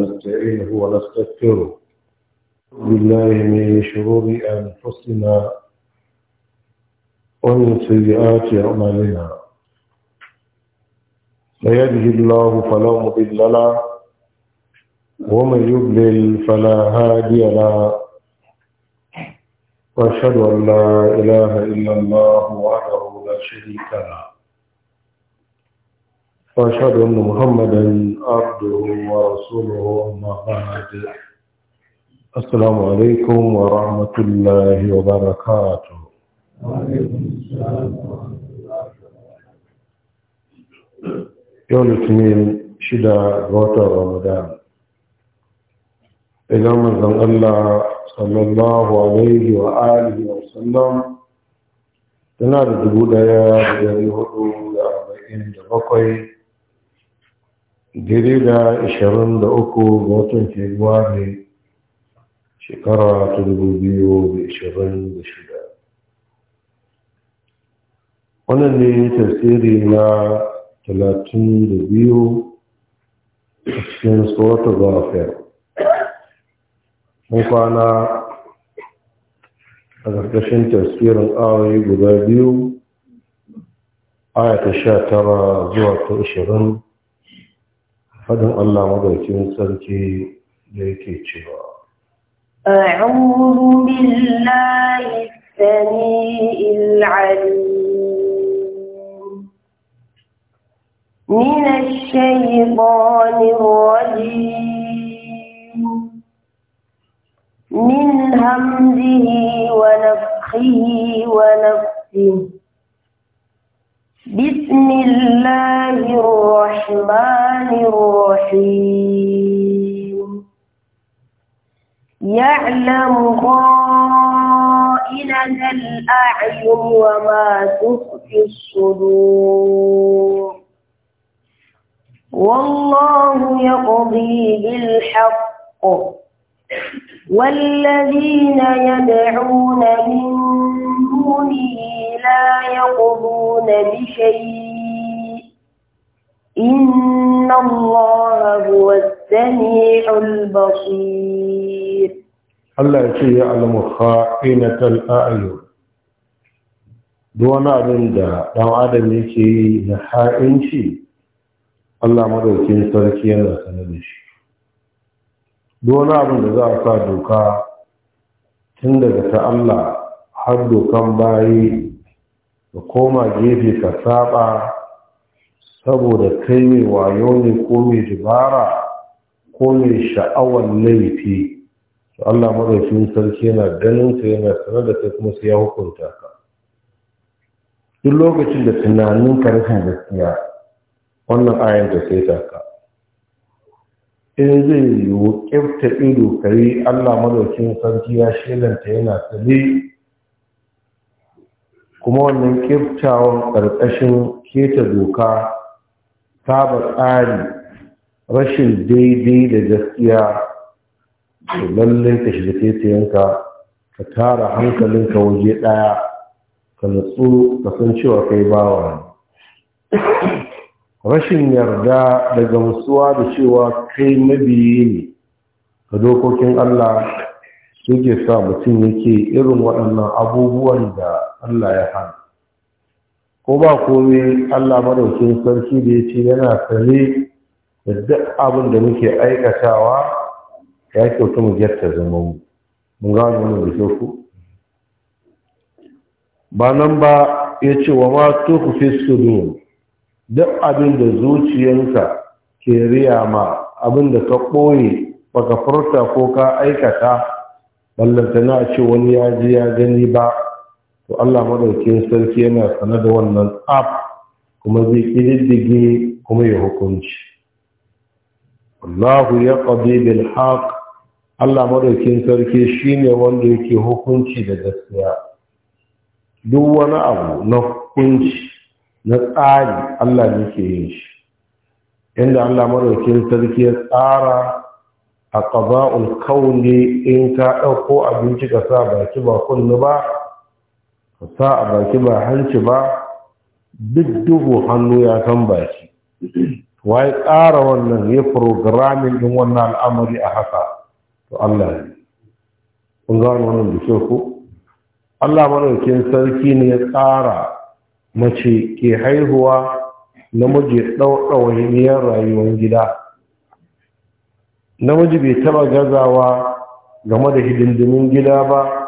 نستعينه ونستغفره بالله من شرور أنفسنا ومن سيئات أعمالنا من يهده الله فلا مضل له ومن يضلل فلا هادي له واشهد ان لا اله الا الله وحده لا شريك له وأشهد أن محمدا عبده ورسوله أما بعد السلام عليكم ورحمة الله وبركاته وعليكم السلام ورحمة الله وبركاته yau litinin shida ga watan ramadan idan manzon Allah sallallahu alaihi wa wa sallam yana da dubu ɗaya da hudu da da bakwai daidai da 23 ga watan februari shekara ta 2026 wannan ne tasiri na 32 a cikin tsohon zafiyar mun kwana a ƙarƙashin tasirin awayi guda biyu aya ta sha tara zuwa ta ashirin fadin الله madaukin sarki ليكي yake أعوذ بالله السميع العليم من الشيطان الرجيم من همزه ونفخه ونفسه بسم الله الرحمن الرحيم يعلم خائنة الأعين وما تخفي الصدور والله يقضي بالحق والذين يدعون من دونه يقضون بشيء إن الله هو السميع البصير الله ya يعلم خائنة الأعين kha'inatal a'yun duk wani abin da ɗan adam yake yi na Allah madaukin sarki yana sanar da shi duk abin da za a sa doka tun daga ta Allah har dokan bayi ka koma gefe ka saba saboda kai mai wayo ne ko mai dubara ko mai sha'awar laifi to Allah madaukakin sarki yana ganin ka yana sanar da kai kuma sai ya hukunta ka duk lokacin da tunanin ka gaskiya wannan ayan ta sai ta ka in zai yiwu kifta ido kari Allah madaukakin sarki ya shelanta yana tsaye kuma wannan kiftawan ƙarƙashin keta doka ta ba tsari rashin daidai da gaskiya da lallai ka shiga yanka ka tara hankalinka waje ɗaya ka natsu ka san cewa kai bawa rashin yarda da gamsuwa da cewa kai mabiyi ne ka dokokin Allah suke sa mutum yake irin waɗannan abubuwan da Allah ya hana ko ba komai Allah madaukin sarki da ya ce yana sane da duk abin da muke aikatawa ya kyautu mu gyarta zama mu mun gano wannan da kyau ba nan ba ya ce wa ma ku fi duk abin da zuciyarka ke riya ma abin da ka ɓoye baka furta ko ka aikata ballantana a ce wani ya ji ya gani ba to Allah madaukin sarki yana sana da wannan tsaf kuma zai kididdige kuma ya hukunci Allahu ya qadi bil haqq Allah madaukin sarki shine wanda yake hukunci da gaskiya duk wani abu na hukunci na tsari Allah ne ke yin shi inda Allah madaukin sarki ya tsara a qada'ul kauni in ka ɗauko abinci ka sa baki ba kunne ba ka a baki ba hanci ba duk duhu hannu ya san baki waye tsara wannan ya programin din wannan al'amari a haka to Allah ne kun gano wannan da kyau ko Allah madaukin sarki ne ya tsara mace ke haihuwa namiji ɗauɗawainiyar rayuwar gida namiji bai taɓa gazawa game da hidindimin gida ba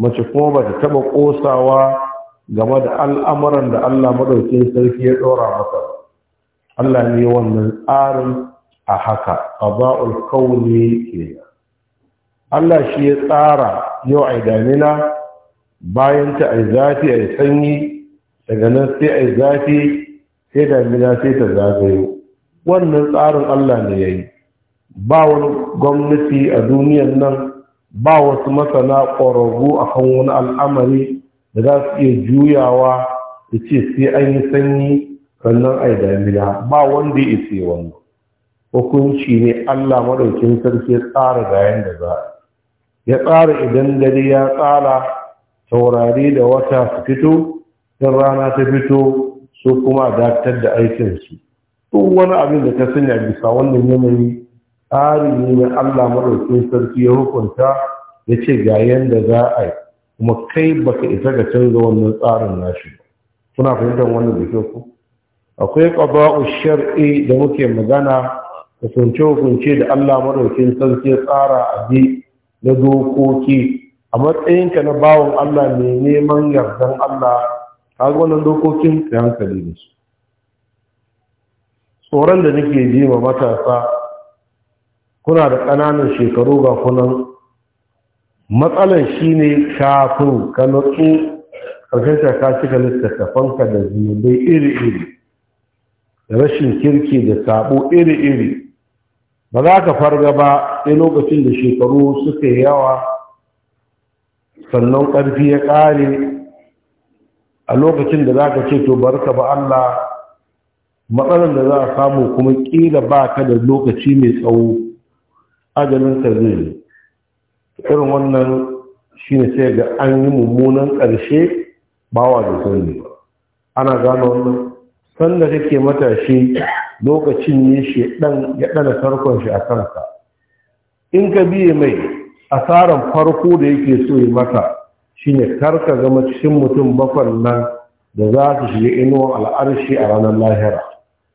mace kuma ba ta taɓa ƙosawa game da al'amuran da Allah maɗaukin sarki ya ɗora masa Allah ne wannan tsarin a haka ƙaba'ul kauni ke Allah shi ya tsara yau a damina bayan ta ai zafi ai sanyi daga nan sai ai zafi sai damina sai ta zagayo wannan tsarin Allah ne ya yi ba wani gwamnati a duniyar nan ba wasu masana ƙwararru a kan wani al'amari da za su iya juyawa da ce sai an yi sanyi sannan a yi damina ba wanda ya isa wani. hukunci ne allah maɗaukin sarki tsara ga yadda za ya tsara idan dare ya tsara taurari da wata su fito sun rana ta fito su kuma dakatar da aikinsu duk wani abin da ta sanya bisa wannan yanayi tsari ne na Allah maɗaukin sarki ya hukunta ya ce ga yadda za a yi kuma kai baka isa ga canza wannan tsarin nashi kuna fahimtar wannan da kyau ku akwai ƙaba'u shar'i da muke magana sunce hukunce da Allah maɗaukin sarki ya tsara a bi na dokoki a matsayinka na bawan Allah mai neman yardan Allah a wannan dokokin ka hankali da su tsoron da nake ji ma matasa kuna da ƙananan shekaru ga kunan matsalan shi ne kafin ka nutsu ƙarshen ka cika littattafanka da zunubai iri-iri da rashin kirki da sabo iri-iri ba za ka farga ba sai lokacin da shekaru suka yi yawa sannan ƙarfi ya ƙare a lokacin da za ka ce to barka ba Allah matsalar da za a samu kuma ƙila ba ka da lokaci mai tsawo ajalinsa zai yi irin wannan shi ne sai ga an yi mummunan ƙarshe ba wa da sauri ana gano wannan sanda kake matashi lokacin ne shi ya ɗana tarkon shi a kanka in ka biye mai asaran farko da yake so yi maka shi ne karka zama cikin mutum bakon nan da za ta shiga inuwan al'arshi a ranar lahira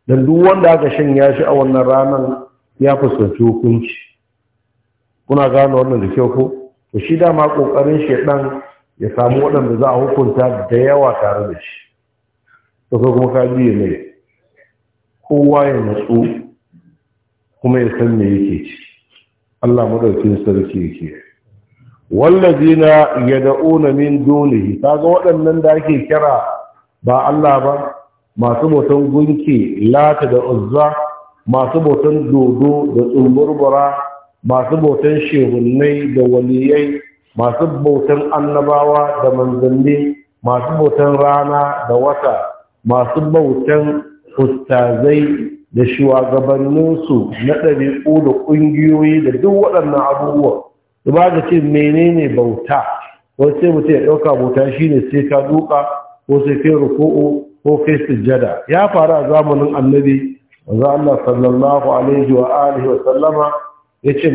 don duk wanda aka shanya shi a wannan ranar ya fuskanci hukunci kuna gane wannan da kyau ko to shi dama kokarin shedan ya samu waɗanda za a hukunta da yawa tare da shi to ko kuma kaji ne mai kowa ya nutsu kuma ya san me yake ci Allah madaukin sarki yake wallazina yad'una min dunihi kaga waɗannan da ake kira ba Allah ba masu botan gunki lata da uzza masu botan dodo da tsumburbura masu bautan shehunai da waliyai masu bautan annabawa da manzanni masu bautan rana da wata masu bautan ustazai da shugabanninsu na ɗabi'u da ƙungiyoyi da duk waɗannan abubuwa su ba da ce menene bauta wani sai mutum ya ɗauka bauta shine sai ka duka ko sai kai ruku'u ko kai sujjada ya faru a zamanin annabi wanzu Allah sallallahu alaihi wa alihi wa sallama ya ce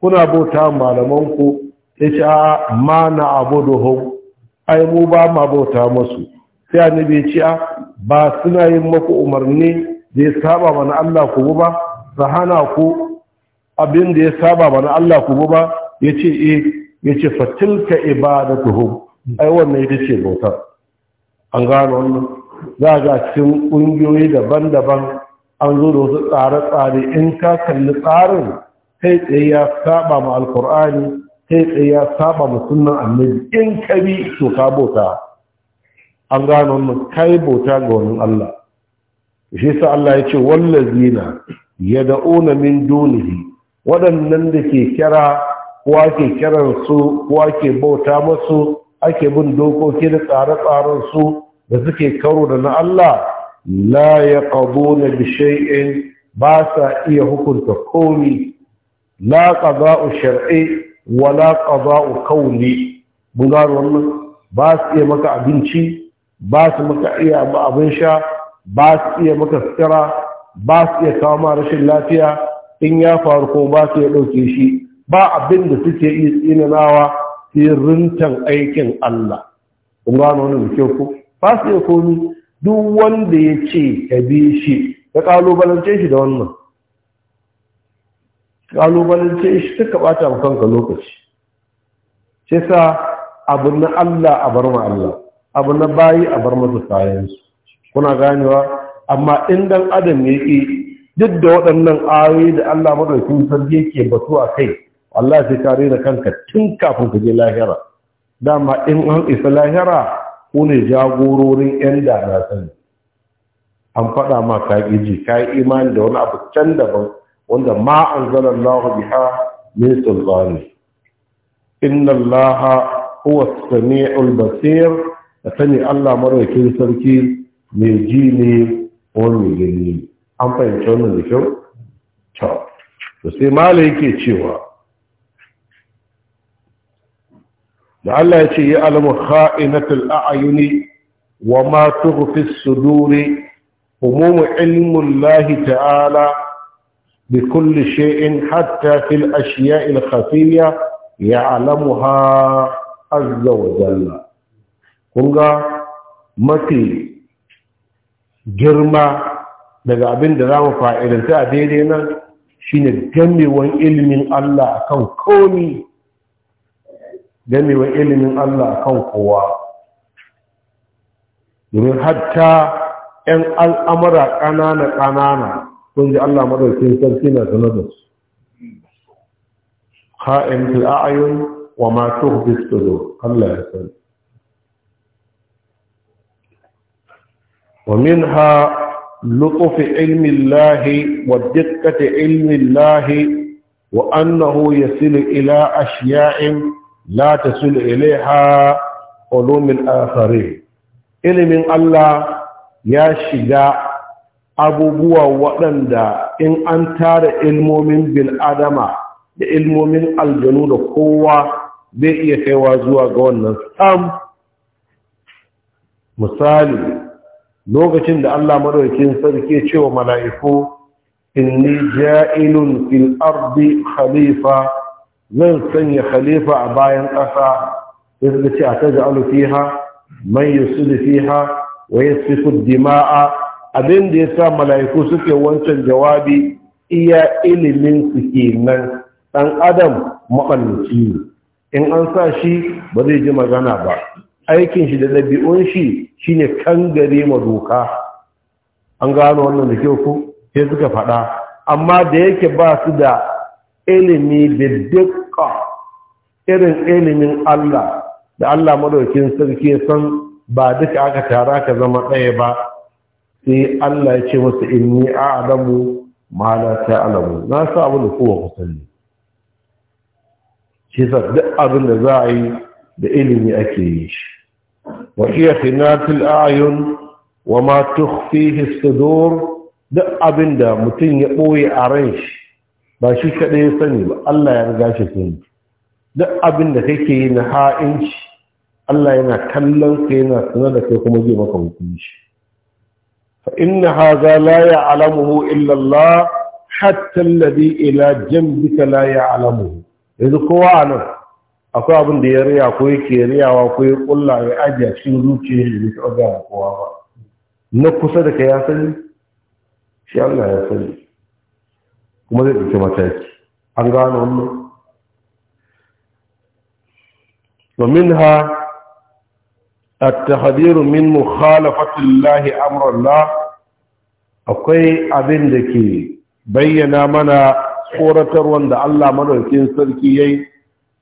kuna bauta malamanku ya ce a ma na abuduhum ai mu ba ma bauta masu sai nabi ya ce a ba suna yin maku umarni da ya saba mana Allah ku bu ba su hana ku abin da ya saba mana Allah ku bu ba ya ce e ya ce fatilka ibadatuhum ai wannan ita ce bautar an gano wannan za a ga cikin ƙungiyoyi daban-daban an zo da wasu tsare-tsare in ka kalli tsarin kai tsaye ya saba ma alkur'ani kai tsaye ya saba ma sunan annabi in ka bi to ka bauta an gano wannan kai bota ga wani Allah shi sa Allah ya ce wallazina da'una min dunihi waɗannan da ke kira kowa ke kiran su kowa ke bauta masu ake bin dokoki da tsare-tsaren su da suke karo da na Allah la yaqduna bi shay'in ba sa iya hukunta komi la qada'u shar'i wa la qada'u qawli mun ga wannan ba su iya maka abinci ba su maka iya abin sha ba su iya maka sutura ba su iya kawo ma rashin lafiya in ya faru ko ba su iya ɗauke shi ba abin da suke iya tsinanawa sai rintan aikin Allah kun gano wannan da kyau ba su iya komi duk wanda ya ce ka bi shi ka kalubalance shi da wannan kalubalance shi suka bata a kanka lokaci ce sa abu na Allah a bar ma Allah abu na bayi a bar masa sayansu kuna ganewa amma in dan adam ya ƙi duk da waɗannan ayoyi da Allah maɗaukin sarki yake batu a kai Allah sai ka rena kanka tun kafin ka je lahira dama in an isa lahira ku ne jagororin 'yan da sani an faɗa ma ka ji ka yi imani da wani abu can daban wanda ma an zana biha min sultani inna Allah huwa sami'ul basir da sani Allah marwakin sarki mai ji ne wani gani an fahimci wannan da kyau to sai mala yake cewa da Allah ya ce ya alamu kha'inatul a'yuni wa ma tughfi as-suduri umumu ilmun lahi ta'ala bi kulli shay'in hatta fil ashiya'i al-khafiyya ya'lamuha azza wa jalla kunga mafi girma daga abin da za mu fa'idanta a daidai nan shine gamewan ilimin Allah kan komi wa ilimin Allah kan kowa domin hatta ɗan al'amura ƙanana-ƙanana sun ji Allah madaukin sarki na sanar da su fi fil'ayun wa masu hufistudu Allah ya san sani ومنها لطف علم الله ودقة علم الله وأنه يصل إلى أشياء la tasul ilaiha ulumul akharin ilimin Allah ya shiga abubuwa waɗanda in an tara ilmomin bil'adama da ilmomin aljanu da kowa zai iya kaiwa zuwa ga wannan sam misali lokacin da Allah madaukakin sarki cewa mala'iku inni ja'ilun fil Arbi, khalifa zan sanya khalifa a bayan ƙasa in ce a ta ja'alu fiha man da fiha wa yasfiku dima'a abin da sa mala'iku suke wancan jawabi iya ilimin su ke nan. dan adam makalluci ne in an sa shi ba zai ji magana ba aikin shi da ɗabi'un shi shine kangare ma doka an gano wannan da kyau ko sai suka faɗa amma da yake ba su da ilimi da dukka irin ilimin Allah da Allah madaukin sarki san ba duka aka tara ka zama ɗaya ba sai Allah ya ce masa inni a'lamu ma la ta'lamu na sa abu da kowa sani shi sa duk abin da za a yi da ilimi ake yi shi wa iya khinatul a'yun wa ma tukhfihi sudur duk abin da mutum ya ɓoye a ran shi ba shi kaɗai ya sani ba Allah ya riga shi sani duk abin da kake yi na ha'inci Allah yana kallon ka yana sanar da kai kuma zai maka hukunci fa inna hadha la ya'lamuhu illa Allah hatta alladhi ila jambika la ya'lamuhu yanzu kowa anan akwai abin da ya riya ko yake riyawa ko ya kulla ya ajiya cikin zuciyar da bai ga kowa ba na kusa da kai ya sani shi Allah ya sani kuma zai ɗauki mataki an gano wannan domin ha التحذير من مخالفة الله أمر الله akwai abin da ke bayyana mana tsoratar wanda Allah madaukin sarki ya yayi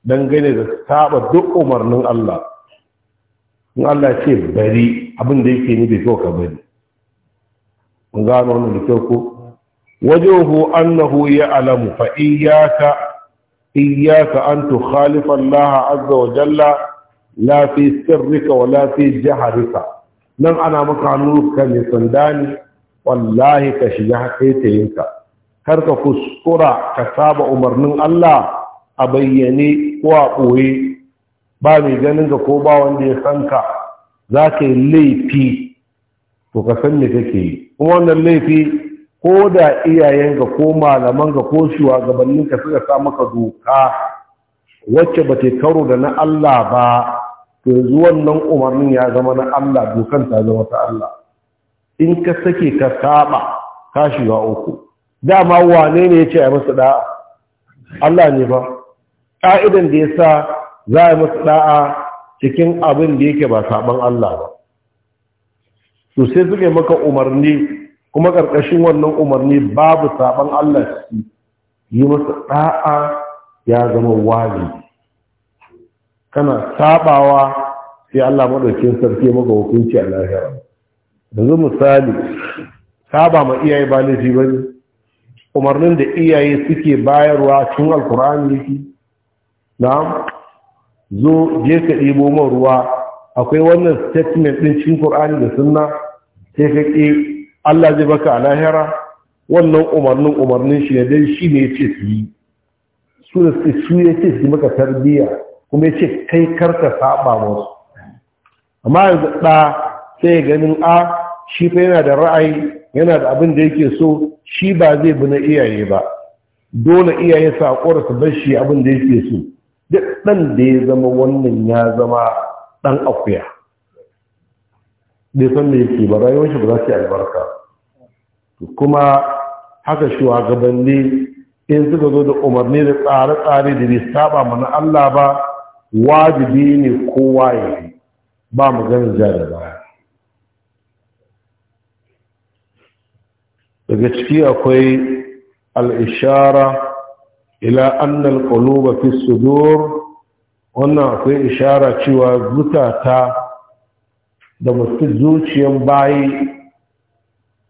dangane da saba duk umarnin Allah in Allah ce bari abin da yake ni bai so ka bari mun gano da kyau ko وجهه أنه يعلم فإياك an أن تخالف الله عز وجل لا في سرك ولا في جهرك nan ana maka hannu ka mai sanda ne wallahi ka shiga taitayinka kar ka kuskura ka saba umarnin Allah a bayyane ko a ɓoye ba mai ganin ka ko ba wanda ya san ka za ka yi laifi to ka san me kake yi kuma wannan laifi ko da iyayen ga ko malaman ga ko shuwagabanninka ka suka sa maka doka wacce ba ta karo da na Allah ba to yanzu wannan umarnin ya zama na Allah dokan ta zama ta Allah in ka sake ka saba ka shiga uku dama wane ne ya ce a masu da'a Allah ne ba Ka'idan da ya sa za a masu da'a cikin abin da yake ba saban Allah ba to sai suka maka umarni kuma ƙarƙashin wannan umarni babu saɓan Allah ciki yi masa ɗa'a ya zama wajibi kana sabawa sai Allah madaukin sarki maka hukunci a lahira yanzu misali saba ma iyaye ba laifi ba ne umarnin da iyaye suke bayarwa tun alkur'ani yake na zo je ka ɗibo man ruwa akwai wannan statement ɗin cikin Kur'ani da sunna sai ka ƙi Allah zai baka a lahira wannan umarnin umarnin shi ne dai shi ne ya ce su yi su da su ya ce su maka tarbiyya kuma ya ce kai karka saba musu amma yanzu ɗa sai ganin a shi fa yana da ra'ayi yana da abin da yake so shi ba zai bi na iyaye ba dole iyaye su haƙura su bar shi abin da yake so duk ɗan da ya zama wannan ya zama ɗan akuya bai san me yake ba rayuwar shi ba za su yi albarka kuma haka shugabanni in suka zo da umarni da tsare-tsare da bai saba mana Allah ba wajibi ne kowa ya yi ba maganin ja da baya daga ciki akwai al'ishara ila annal quluba fi sudur wannan akwai ishara cewa zutata da musu zuciyan bayi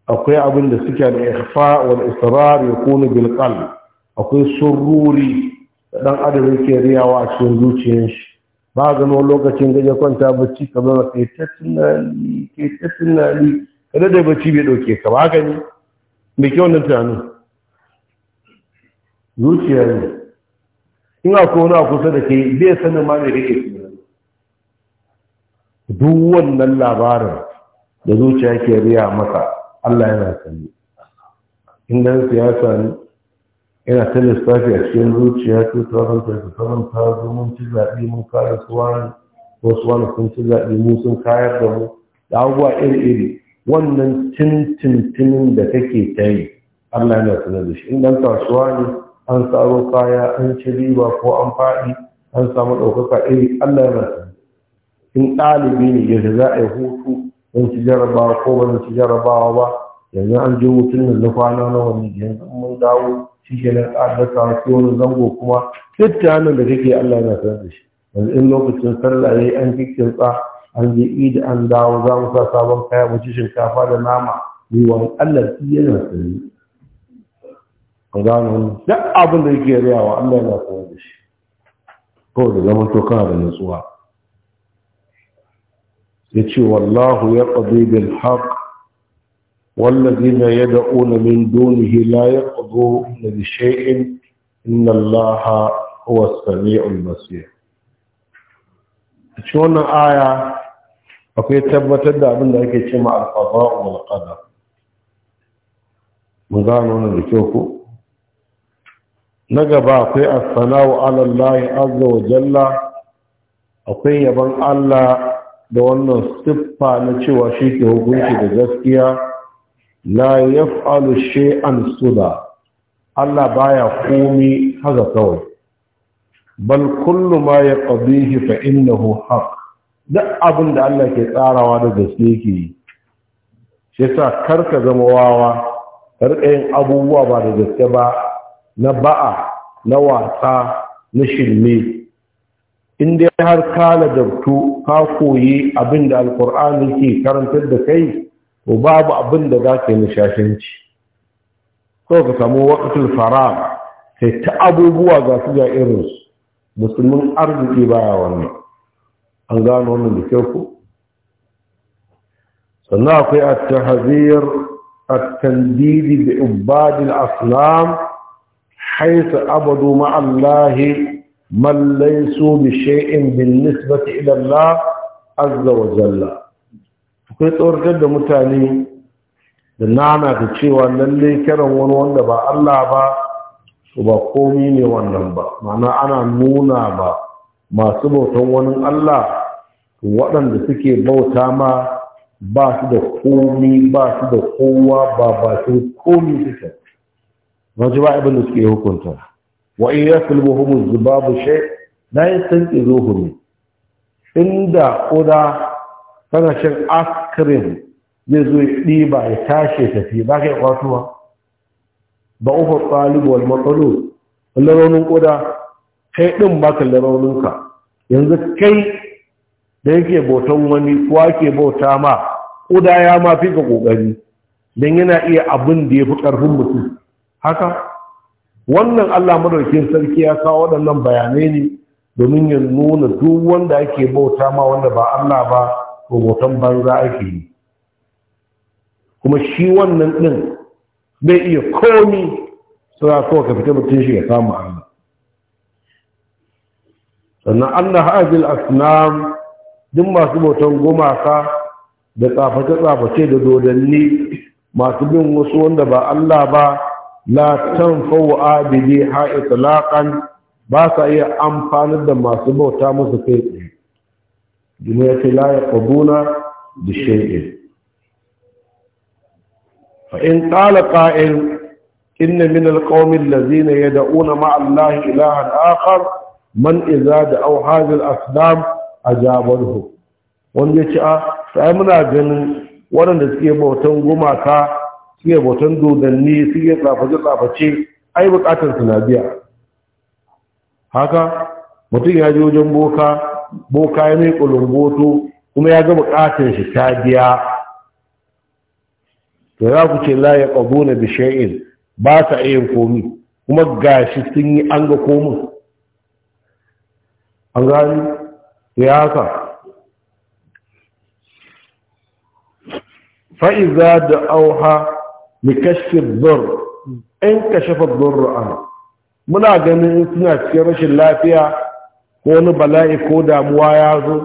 akwai abin da suke da ikhfa wal israr yakunu bil qalb akwai sururi da dan adam yake riyawa a cikin zuciyar shi ba no lokacin da ya kwanta bacci ka sai kai sai tunani kai kada da bacci bai dauke ka ba gani me ke wannan tunanin Zuciyar ne in akwai wani a kusa da kai bai sanin ma me yake tunani duk wannan labarin da zuciya ke riya masa Allah yana sani in dan siyasa ne yana ta lissafi a cikin zuciya 2027 ta zo mun ci zaɓi mun kare suwani ko suwani sun ci zaɓi mun sun kayar da mu da abubuwa iri-iri wannan tintintinin da kake ta yi Allah yana sani da shi in dan kasuwa ne an tsaro kaya an ci riba ko an faɗi an samu ɗaukaka iri Allah yana sanar in ɗalibi ne yaushe za a yi hutu don ci jarabawa ko ba ci jarabawa ba yanzu an je hutun nan na kwana na wani yanzu mun dawo shi ke nan ƙaddasa sai wani zango kuma duk da kake Allah yana sanar da shi yanzu in lokacin sallah ya yi an tsa an je idi an dawo za mu sa sabon kaya mu ci shinkafa da nama mu wa Allah shi yana sanar ka gano duk abin da yake riyawa Allah yana sanar da shi kawai da zaman to kana da nutsuwa yace wallahu yaqdi bil haqq والذين يدعون من دونه لا يقضون بشيء إن الله هو السميع البصير cikin wannan aya akwai tabbatar da abin da ake ce ma alfaza'u wal qadar mun gano wannan da kyau ko na gaba akwai as-sana'u ala Allah azza wa jalla akwai yaban Allah da wannan siffa na cewa shi ke hukunci da gaskiya la yaf'alu shay'an suda Allah baya komi haka kawai bal kullu ma yaqdihi fa innahu haqq duk abin da Allah ke tsarawa da gaske yake yi shi yasa kar ka zama wawa ka yin abubuwa ba da gaske ba na ba'a na wasa na shirme in dai har ka ladabtu ka koyi abin da alkur'ani ke karantar da kai to babu abin da za ka yi ko ka samu waqtul fara sai ta abubuwa ga su ga irin musulmin arziki baya wannan an gano wannan da kyau ko sannan akwai at-tahzir at-tandid bi ibad aslam abadu ma'allahi من ليسوا بشيء بالنسبة إلى الله عز وجل akwai tsorkar da mutane da nana da cewa lallai, kiran wani wanda ba Allah ba su ba komi ne wannan ba mana ana nuna ba masu bautan wani Allah waɗanda suke bauta ma ba su da komi ba su da kowa ba ba komi suke ba ji ba abin da suke hukunta wa in yaslubuhum zubabu shay sanke yastanqizuhum inda kuda tana shan askirin zai zo ya ɗiba ya tashi tafi ba ka yi kwatuwa ba ufa ɗalibu wal matsalo raunin kuda kai ɗin ba ka ka yanzu kai da yake bautan wani kuwa ke bauta ma kuda ya ma fi ka ƙoƙari don yana iya abin da ya fi ƙarfin mutum haka wannan Allah madaukin sarki ya kawo waɗannan bayanai ne domin ya nuna duk wanda ake bauta ma wanda ba Allah ba to bautan banza ake yi kuma shi wannan ɗin bai iya komi za su ka fita mutum shi ya samu Allah sannan Allah hajjil asnam duk masu bautan gumaka da tsaface-tsaface da dodanni masu bin wasu wanda ba Allah ba la tanfa'u abidi ha itlaqan ba sa iya amfanar da masu bauta musu kai tsaye duniya ce la yaqbuna bi shay'in fa in qala qa'il inna min alqawmi alladhina yad'una ma allahi ilahan akhar man idza da'aw hadhihi al-asnam ajabahu wanda ya ce a sai muna ganin waɗanda suke bautan gumaka suke botan dodanni suke tsaface-tsaface ai bukatar su na biya haka mutum ya ji wajen boka boka ya mai kulumboto kuma ya ga bukatar shi ta biya to za ku ce la ya ƙazo na bishayin ba ta iya komi kuma gashi sun yi an ga komi an gani ya haka fa'iza da auha bikashfi dhur in kashafa dhur an muna ganin suna cikin rashin lafiya ko wani bala'i ko damuwa ya zo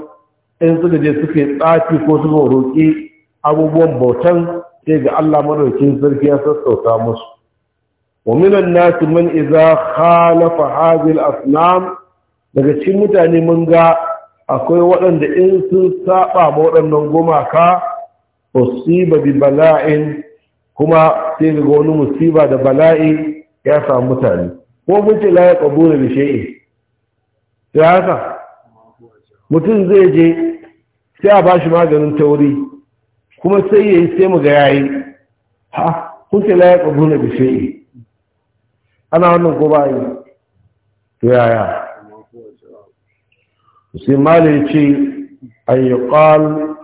in suka je suke tsafi ko suka roƙi abubuwan bautan sai ga Allah madaukakin sarki ya sassauta musu wa minan nasi man idza khalafa hadhihi al-asnam daga cikin mutane mun ga akwai waɗanda in sun saba ma waɗannan gumaka usiba bi bala'in kuma sai ga wani musiba da bala'i ya samu mutane ko mun ce la ya kabura da shay'i sai haka mutum zai je sai a bashi maganin tauri kuma sai yayi sai mu ga yayi ha kun ce la ya kabura da shay'i ana wannan ko ba yi to yaya sai malai ce an yi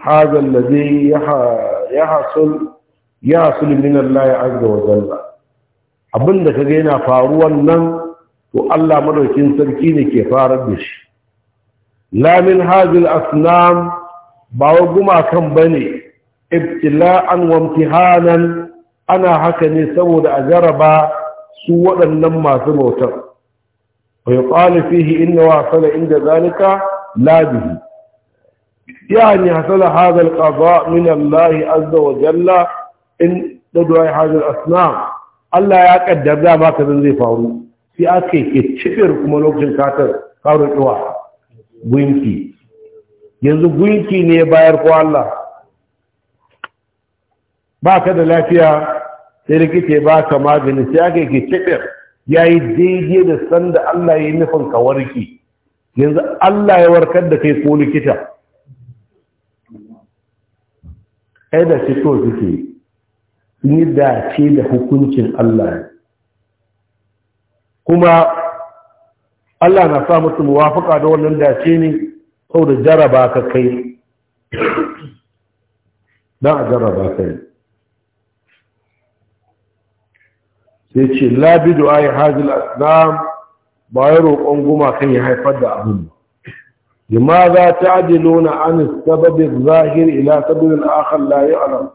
hazan da zai ya hasul ya hasul min Allah azza wa abinda kaga yana faruwan nan to Allah madaukin sarki ne ke farar da shi la min asnam ba wa gumakan bane ibtila'an wa hanan ana haka ne saboda a jaraba su waɗannan masu bautar wa yuqalu fihi inna wasala inda zalika Ya ne يعني حصل هذا القضاء من الله عز وجل in ya hajjal asina Allah ya kaddar da ba ka zan zai faru sai aka yi cifir kuma lokacin katar karu ɗuwa gunki yanzu gunki ne bayar ko Allah ba ka da lafiya sai rikice ba ka magani sai aka yi cifir ya yi daidai da sanda Allah ya yi nufin ka warki yanzu Allah ya warkar da kai ko likita ai da shi to suke Ni dace da hukuncin Allah kuma Allah na sa musu muwafaka da wannan dace ne sau da jaraba ka kai don a jaraba kai sai ce labi a yi hajjil aslam ba ya roƙon goma kan ya haifar da abin ba za ta ajiye nuna anis sababin zahir ila sababin akan layi alam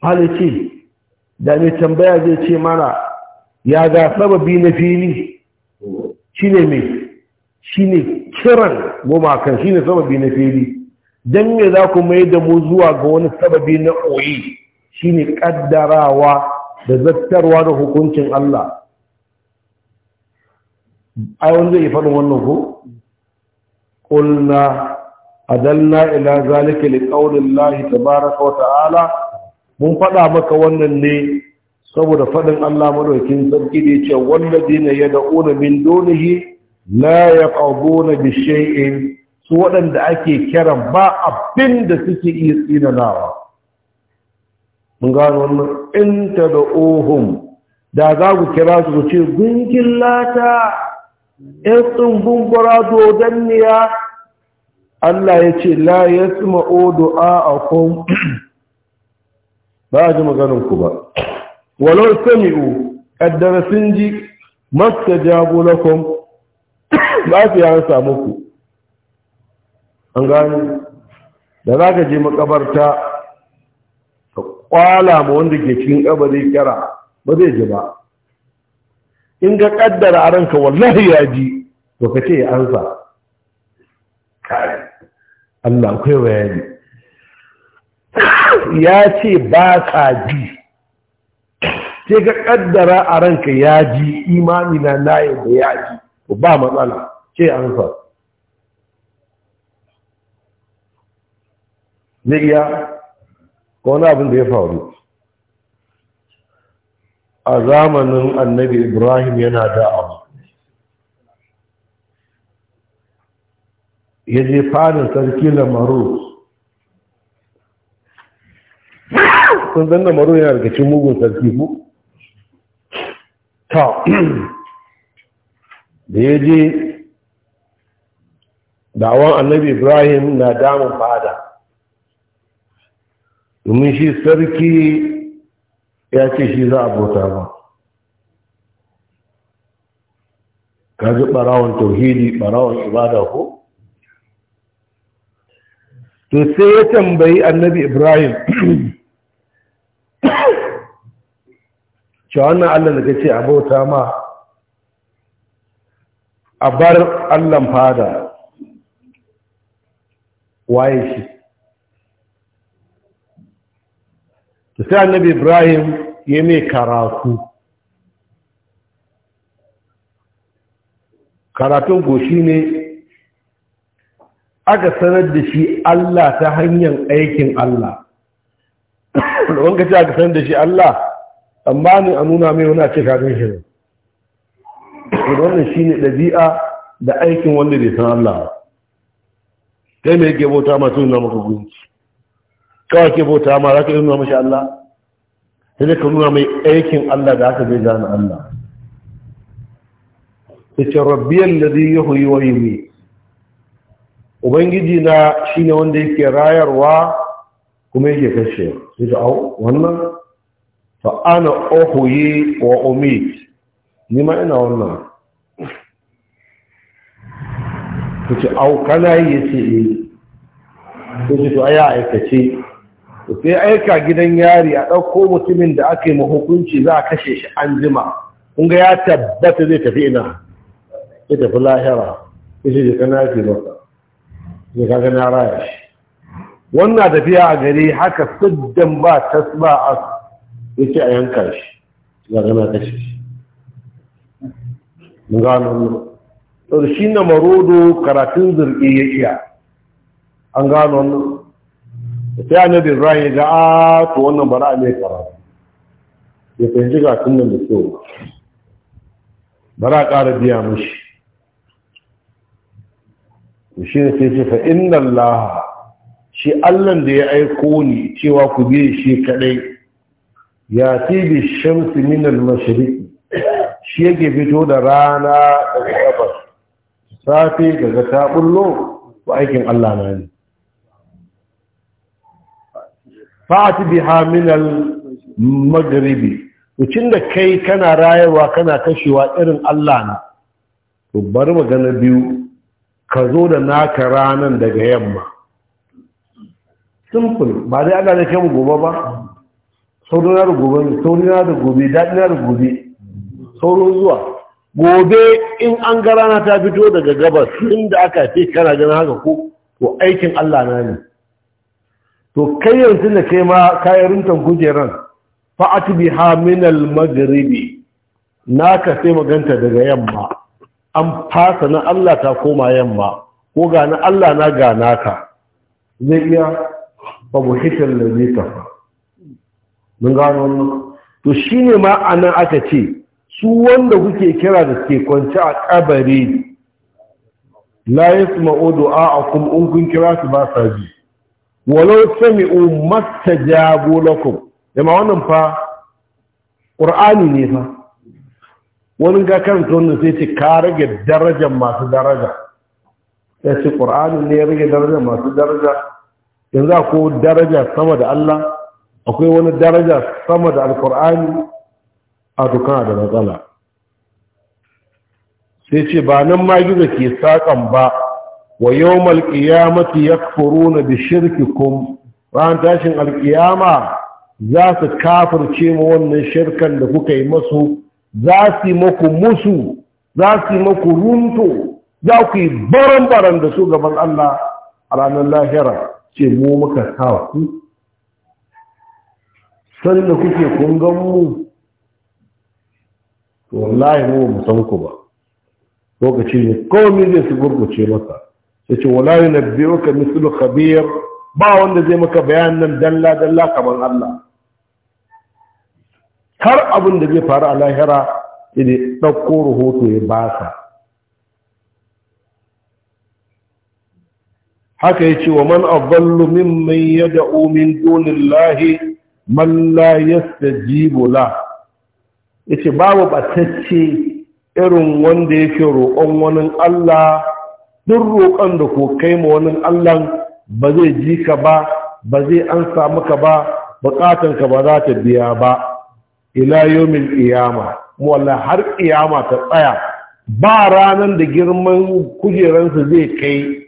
ce da mai tambaya zai ce mana ya ga sababi na fili shi ne mai shi ne kiran gumakan shi ne sababi na fili don me za ku mai da mu zuwa ga wani sababi na oyi shi ne ƙaddarawa da zattarwa da hukuncin Allah ai wani zai faɗin wannan ku ƙulna adalna ila zalika liƙaunin lahi tabaraka wata'ala mun faɗa maka wannan ne saboda faɗin Allah madaukin sarki da ya da ona min dunihi la yaqabuna bi shay'in su waɗanda ake kiran ba abin da suke iya tsinanawa mun gano wannan in tad'uhum da za ku kira su ku ce gungin lata sun gungura niya." Allah ya ce la yasma'u du'a akum ba a ji maganin ku ba walau sami'u kaddara sun ji masta jabo kwan ba su yan samu ku an gani da za ka je makabarta ka kwala ma wanda ke cikin kabari kira ba zai ji ba in ga ƙaddara a ranka wallahi ya ji to ka ce ya ansa kai Allah akwai bayani ya ce ba ka ji sai ga kaddara a ranka ya ji imani na layin da ya ji ba matsala ce an sa zai iya ko wani abin da ya faru a zamanin annabi ibrahim yana da'awa ya je fadin sarki lamaru kun zan da maro yana daga cikin mugun sarki ku ta da ya je dawon annabi ibrahim na damun fada domin shi sarki ya ce shi za a bauta ba ka ji ɓarawon tauhidi ɓarawon ibada ko to sai ya tambayi annabi ibrahim cewa wannan allah da kace a bauta ma a bar allan fada waye shi ta sai annabi ibrahim ya mai karatu karatun goshi ne aka sanar da shi Allah ta hanyar aikin Allah wanda ce aka sanar da shi Allah amma ne a nuna mai wani a ce kafin shi wannan shi ne ɗabi'a da aikin wanda bai san Allah kai mai yake bauta ma sun nuna maka gunci kawai ke bauta ma za ka nuna mashi Allah sai ka nuna mai aikin Allah da aka bai gane Allah da zai yi yuhyi wa yumiit ubangiji na shi ne wanda yake rayarwa kuma yake kashe sai au wannan fa ana uhuyi wa umit ni ma ina wannan kace au kana yi eh kace to aya aikace sai aika gidan yari a ɗauko mutumin da aka yi hukunci za a kashe shi an jima ga ya tabbata zai tafi ina ya tafi lahira ya ce jika na fi maka ya kaga na raya shi wannan tafiya a gari haka siddan ba tasba a yake ce a yanka shi gana kashe shi gano wannan shi na marodo karatun zirgi ya iya an gano wannan da ta yana da ibrahim ga a ah, to wannan bara a mai karatu ya fahimci ga sunan da kyau bara a ƙara biya mashi shi ne sai ce fa inna allaha shi allan da ya aiko ni cewa ku biye shi kadai yati bi shamsi min al-mashriq shi yake fito da rana daga gabas safe daga ta bullo ba aikin Allah na ne fa'ati biha min al-maghribi ucin da kai kana rayuwa kana kashewa irin Allah na to bari magana biyu ka zo da naka ranan daga yamma simple ba dai Allah ne kai mu gobe ba sauro da gobe da gobe daɗi da gobe sauro zuwa gobe in an garana ta fito daga gabas inda aka fi kana ganin haka ko ko aikin Allah na ne to kai yanzu da kai ma kayan runtan kujeran fa'atu ha min al-maghribi naka sai maganta daga yamma an fasa na Allah ta koma yamma ko ga na Allah na ga naka zai iya babu hitar da zai mun gano wannan to shine ma anan aka ce su wanda kuke kira da suke kwanci a kabari la yasma'u akum in kun kira su ba sa ji walau sami'u mastajabu lakum ma wannan fa qur'ani ne fa wani ga kan to ne sai ce ka rage darajar masu daraja ya ce qur'ani ne ya rage darajar masu daraja yanzu ko daraja sama da Allah akwai wani daraja sama da alkur'ani a dukan da matsala sai ce ba nan magiza ke saƙan ba wa yau malƙiyamati ya furu na bishirki kum ran tashin alƙiyama za su kafirce ma wannan shirkan da kuka yi masu za su yi maku musu za su yi maku runto za ku yi baran-baran da su gaban Allah a ranar lahira ce mu muka sa san da kuke kun mu to wallahi mu mu san ku ba lokaci ne komai zai su gurguce maka sai ce biyo ka mithlu khabir ba wanda zai maka bayan nan dalla dalla kamar Allah har abin da zai faru a lahira ne ɗauko rahoto ya basa haka ya ce wa man aballu mimman yada'u min dunillahi man la yastajibu la yace babu batacce irin wanda yake roƙon wani Allah duk roƙon da ko kai ma wani Allah ba zai ji ka ba ba zai ansa maka ba ka ba za ta biya ba ila yawmin qiyama mu wallahi har qiyama ta tsaya ba ranan da girman kujeransa zai kai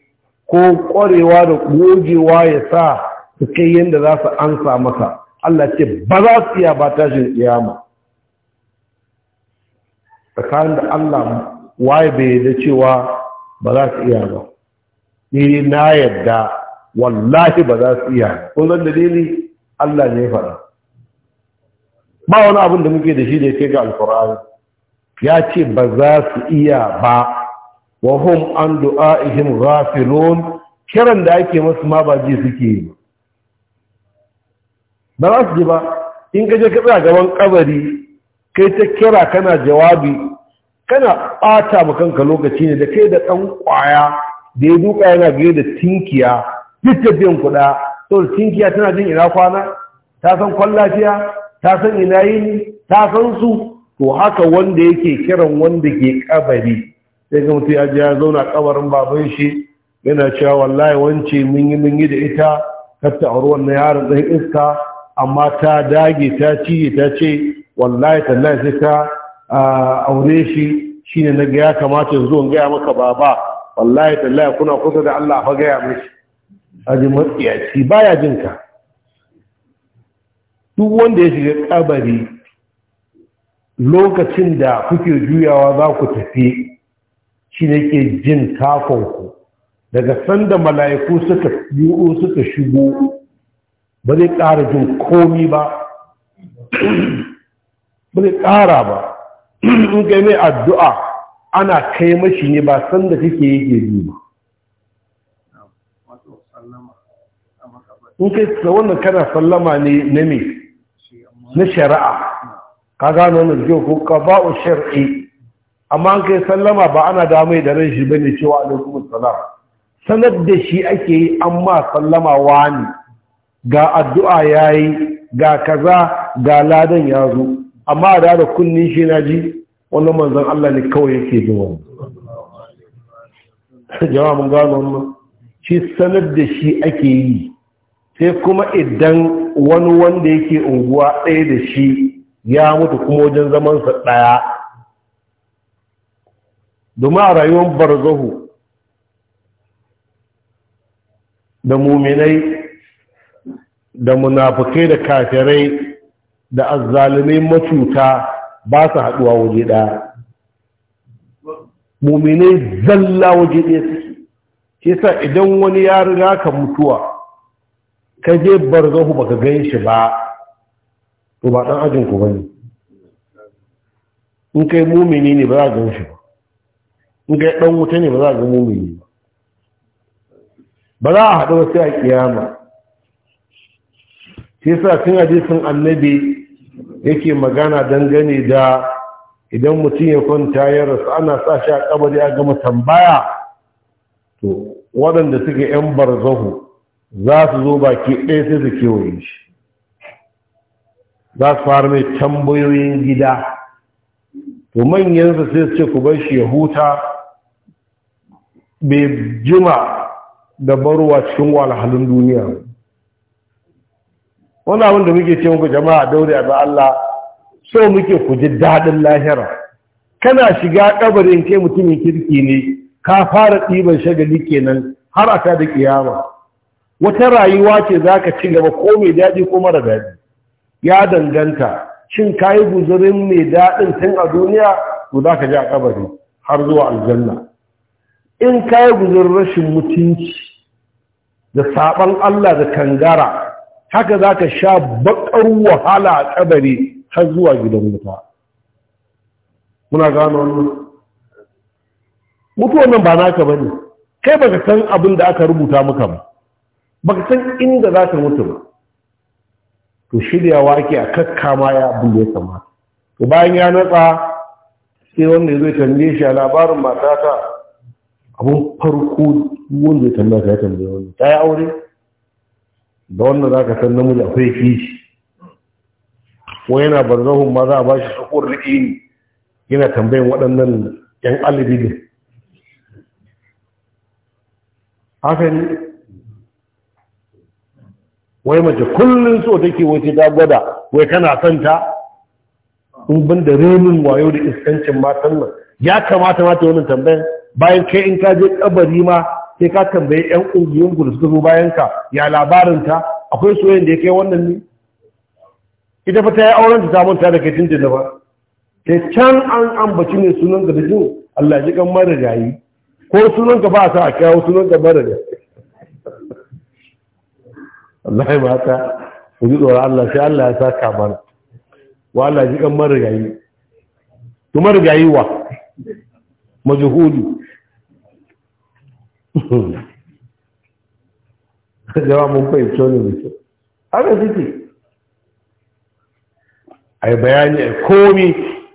ko ƙwarewa da gogewa ya sa su kai yadda za su ansa maka Allah ce ba za su iya ba tashin kiyama tsakanin da Allah waye bai da cewa ba za su iya ba ni na yadda wallahi ba za su iya ko zan dalili Allah ne faɗa ba wani abin da muke da shi da ke ga alkur'ani ya ce ba za su iya ba wa hum an du'a'ihim ghafilun kiran da ake masu ma ba ji suke yi ba ba za su ji ba in ka je ka tsaya gaban kabari kai ta kira kana jawabi kana ɓata ma kanka lokaci ne da kai da ɗan ƙwaya da ya duka yana biye da tinkiya duk da biyan kuɗa saboda tinkiya tana jin ina kwana ta san kwan lafiya ta san ina yini ta san su to haka wanda yake kiran wanda ke kabari sai ga mutum ya ya zauna kabarin baban shi yana cewa wallahi wance mun yi mun yi da ita kar na yaron ɗan iska amma ta dage ta ciye ta ce wallahi tallahi sai ta aure shi shine na ga ya kamata yanzu in gaya maka baba wallahi tallahi kuna kusa da Allah fa gaya mishi aji matsiyaci baya jin ka duk wanda ya shiga kabari lokacin da kuke juyawa za ku tafi shi ne ke jin takonku daga sanda mala'iku suka yi'o suka shigo ba zai ƙara jin komi ba ba zai ƙara ba in kai mai addu'a ana kai mashi ne ba san da kake yake ji ba in kai da wannan kana sallama ne na me na shari'a ka gano na zai ko ka ba o shari'i amma an kai sallama ba ana damai da ran shi bane cewa alaikum salam sanar da shi ake yi amma sallama wani ga addu'a ya yi, ga kaza ga ladan ya zo amma da da kunni shi na ji wannan manzan Allah ne kawai yake jin wani jama'a mun gano wannan shi sanar da shi ake yi sai kuma idan wani wanda yake unguwa ɗaya da shi ya mutu kuma wajen zamansa ɗaya domin a rayuwar barzahu da muminai da munafukai da kafirai da azzalumai macuta ba su haduwa waje ɗaya muminai zalla waje ɗaya suke shi sa idan wani ya riga ka mutuwa ka je barzahu baka gan shi ba to ba dan ajin ku bane in kai mumini ne ba za a gan shi ba in kai dan wuta ne ba za a ga mumini ba ba za a haɗu sai a kiyama shi sa tun hadisin annabi yake magana dangane da idan mutum ya kwanta ya rasu ana sa shi a kabari a gama tambaya to waɗanda suke 'yan barzahu za su zo baki ɗaya sai su kewaye shi za su fara mai tambayoyin gida to manyansa sai su ce ku bar shi ya huta bai jima da barwa cikin walhalin duniya wani abin da muke ce muku jama'a daure a Allah so muke ku ji daɗin lahira kana shiga ƙabarin kai mutumin kirki ne ka fara ɗiban shagali kenan har a ta da kiyama wata rayuwa ce za ka ci gaba ko mai daɗi ko mara daɗi ya danganta shin ka yi guzurin mai daɗin tun a duniya to za ka ji a kabari har zuwa aljanna in ka yi guzurin rashin mutunci da saɓan Allah da kangara haka za ka sha baƙar wahala a ƙabari har zuwa gidan wuta muna gano wannan mutuwan nan ba naka bane kai baka san abin da aka rubuta muka ba baka san inda za ka mutu ba to shiryawa ake a ma ya abin da ya kamata to bayan ya natsa sai wanda ya zai tambaye shi a labarin matata abin farko wanda ya tambaya ya tambaye wani ta yi aure da wanda za ka san namiji akwai kishi ko yana barzahun ma za a ba shi sukuwar ri'ini yana tambayin waɗannan 'yan alibi ne haka ne wai mace kullum so take wace ta gwada wai kana son ta in ban da renin wayo da iskancin matan nan ya kamata mata wani tambayin bayan kai in ka je kabari ma sai ka tambaye yan ƙungiyoyin gudu suka zo bayan ka ya labarin ta akwai soyayyen da ya kai wannan ne ita fa ta yi auren ta manta da kai tinta da ba sai can an ambaci ne sunan ka da jin Allah ji kan mara rayi ko sunan ka ba sa a kawo sunan ka mara da Allah ya mata ku ji tsoron Allah sai Allah ya saka mana wa Allah ji kan mara rayi kuma mara wa majhuli Hmm. jama mun fahimci wani mutum haka suke a yi bayani a komi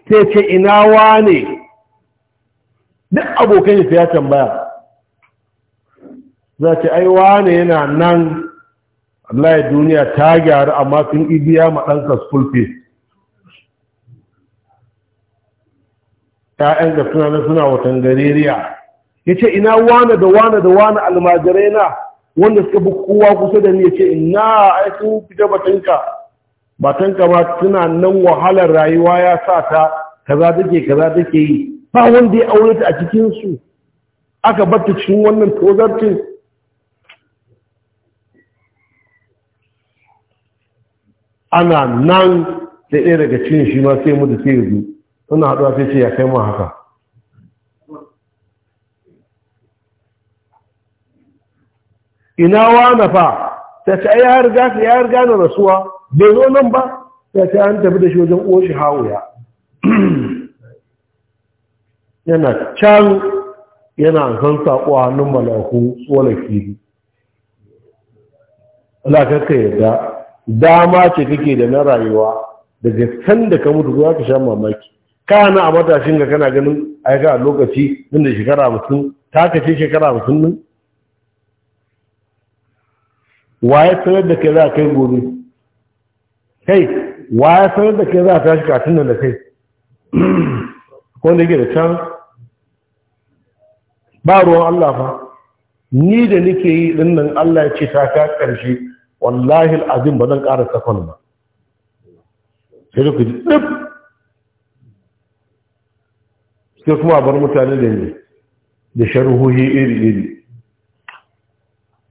sai ce ina wane duk abokan yi ya tambaya za ce ai wane yana nan Allah ya duniya ta gyaru amma sun ibiya ma ɗanka school fees ‘ya'yan ga suna na suna watan gareriya ya ce ina wane da wane da wane almajirai na wanda suka bi kowa kusa da ni ya ce ina aikin fita batanka batanka ba suna nan wahalar rayuwa ya sa ta kaza take kaza take yi ba wanda ya aure ta a cikinsu aka batta cikin wannan tozarcin ana nan da ɗaya daga cin shi ma sai mu da sai yanzu suna haɗuwa sai ce ya kai mu haka ina wane fa ta ce ya riga ka na rasuwa bai zo nan ba ta ce an tafi da shi wajen oshi hawuya yana can yana kan saƙo a hannun malaku tsola fili alakarka yadda dama ce kake da na rayuwa daga can da ka mutu za ka sha mamaki kana a matashin ga kana ganin aika a lokaci inda da shekara mutum ta kace shekara mutum nan waye sanar da kai za a kai gobe kai waye sanar da kai za a tashi katun nan da kai wanda yake da can ba ruwan Allah fa ni da nake yi din nan Allah ya ce ta ka karshe wallahi alazim ba zan ƙara safan ba sai da ku ji dip sai kuma bar mutane da ni da sharhuhi iri iri